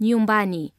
nyumbani.